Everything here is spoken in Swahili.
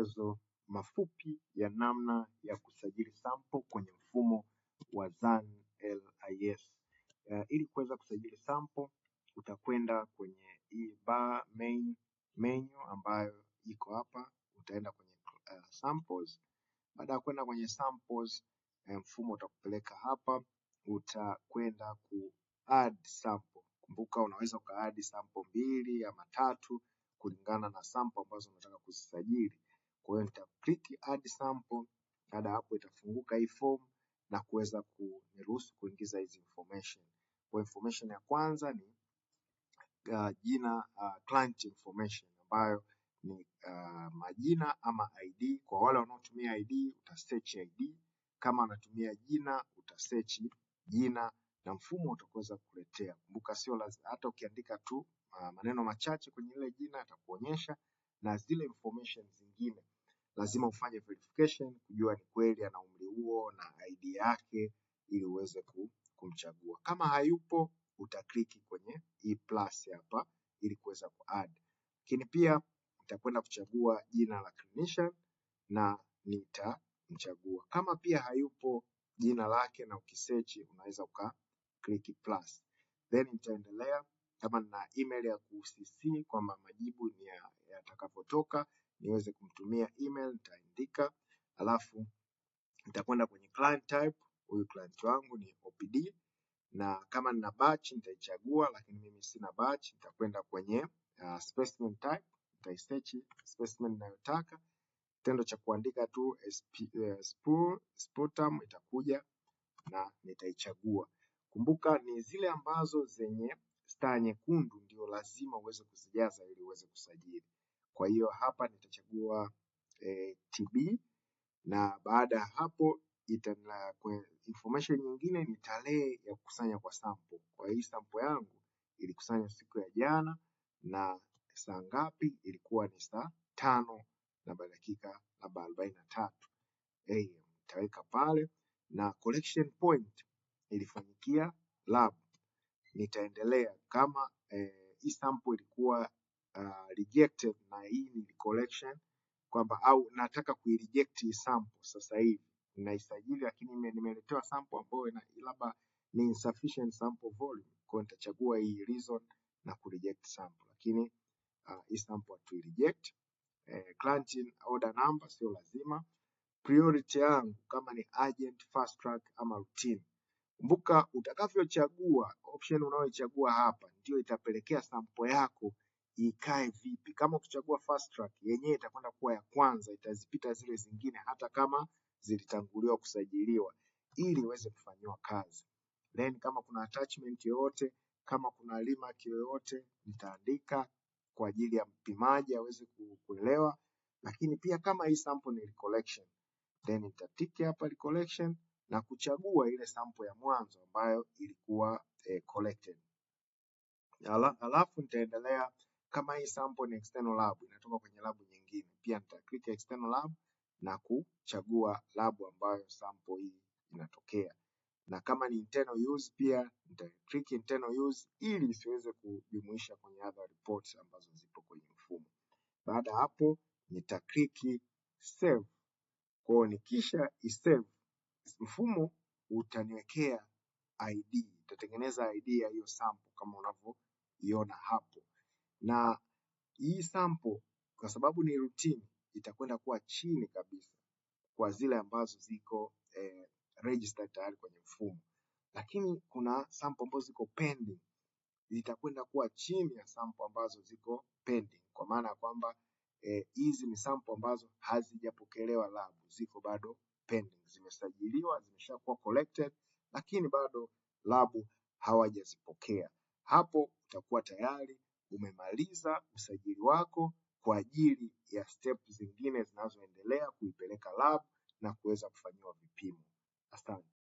maelezo mafupi ya namna ya kusajili sample kwenye mfumo wa ZAN-LIS. Uh, eh, ili kuweza kusajili sample utakwenda kwenye hii bar main menu ambayo iko hapa, utaenda kwenye uh, samples. Baada ya kwenda kwenye samples, eh, mfumo utakupeleka hapa, utakwenda ku add sample. Kumbuka unaweza uka add sample mbili ama tatu kulingana na sample ambazo unataka kuzisajili. Kwa hiyo click add sample, baada ya hapo itafunguka hii form na kuweza kuniruhusu kuingiza hizi information. Kwa information ya kwanza ni uh, jina uh, client information ambayo ni uh, majina ama ID. Kwa wale wanaotumia ID search ID, kama anatumia jina search jina na mfumo utakuweza kuletea. Kumbuka sio lazima, hata ukiandika tu uh, maneno machache kwenye ile jina atakuonyesha na zile information zingine lazima ufanye verification kujua ni kweli ana umri huo na ID yake ili uweze kumchagua. Kama hayupo utakliki kwenye hii e plus hapa ili kuweza kuadd, lakini pia nitakwenda kuchagua jina la clinician na nitamchagua. Kama pia hayupo jina lake na ukisechi unaweza uka click e plus. Then nitaendelea kama na email ya ku kwamba majibu ni yatakapotoka ya niweze kumtumia email, nitaandika alafu nitakwenda kwenye client type. Huyu client wangu ni OPD, na kama nina batch nitaichagua, lakini mimi sina batch, nitakwenda kwenye uh, specimen type, nitaisearch specimen ninayotaka. Kitendo cha kuandika tu uh, sputum itakuja na nitaichagua. Kumbuka ni zile ambazo zenye staa nyekundu ndio lazima uweze kuzijaza ili uweze kusajili. Kwa hiyo hapa nitachagua e, eh, TB na baada ya hapo itana, kwa information nyingine ni tarehe ya kukusanya kwa sample. Kwa hii sample yangu ilikusanya siku ya jana na saa ngapi? Ilikuwa ni saa tano na dakika labda arobaini na tatu AM. Nitaweka pale na collection point ilifanyikia lab. Nitaendelea kama e, hii sample ilikuwa Uh, rejected na hii ni collection kwamba au nataka kuireject hii sample sasa hivi naisajili, lakini nimeletewa sample ambayo ina labda ni insufficient sample volume, kwa nitachagua hii reason na kureject sample, lakini uh, hii sample tu reject. Eh, client order number sio lazima. Priority yangu kama ni urgent, fast track ama routine. Kumbuka utakavyochagua option unayoichagua hapa ndio itapelekea sample yako ikae vipi. Kama ukichagua fast track, yenyewe itakwenda kuwa ya kwanza, itazipita zile zingine, hata kama zilitanguliwa kusajiliwa, ili iweze kufanyiwa kazi. Then kama kuna attachment yoyote, kama kuna limaki yoyote, nitaandika kwa ajili ya mpimaji aweze kuelewa, lakini pia kama hii sample ni recollection, then nitatiki hapa recollection na kuchagua ile sample ya mwanzo ambayo ilikuwa eh, collected. Alafu nitaendelea kama hii sample ni external lab inatoka kwenye lab nyingine, pia nitaklik external lab na kuchagua lab ambayo sample hii inatokea, na kama ni internal use pia nitaklik internal use ili isiweze kujumuisha kwenye other reports ambazo zipo kwenye mfumo. Baada hapo nitakliki save. Kwa hiyo nikisha save, mfumo utaniwekea ID, itatengeneza ID ya hiyo sample kama unavyoiona hapo na hii sample kwa sababu ni routine itakwenda kuwa chini kabisa kwa zile ambazo ziko eh, register tayari kwenye mfumo, lakini kuna sample ambazo ziko pending zitakwenda kuwa chini ya sample ambazo ziko pending, kwa maana ya kwamba eh, hizi eh, ni sample ambazo hazijapokelewa lab, ziko bado pending, zimesajiliwa zimeshakuwa collected, lakini bado labu hawajazipokea. Hapo utakuwa tayari umemaliza usajili wako kwa ajili ya step zingine zinazoendelea kuipeleka lab na kuweza kufanyiwa vipimo. Asante.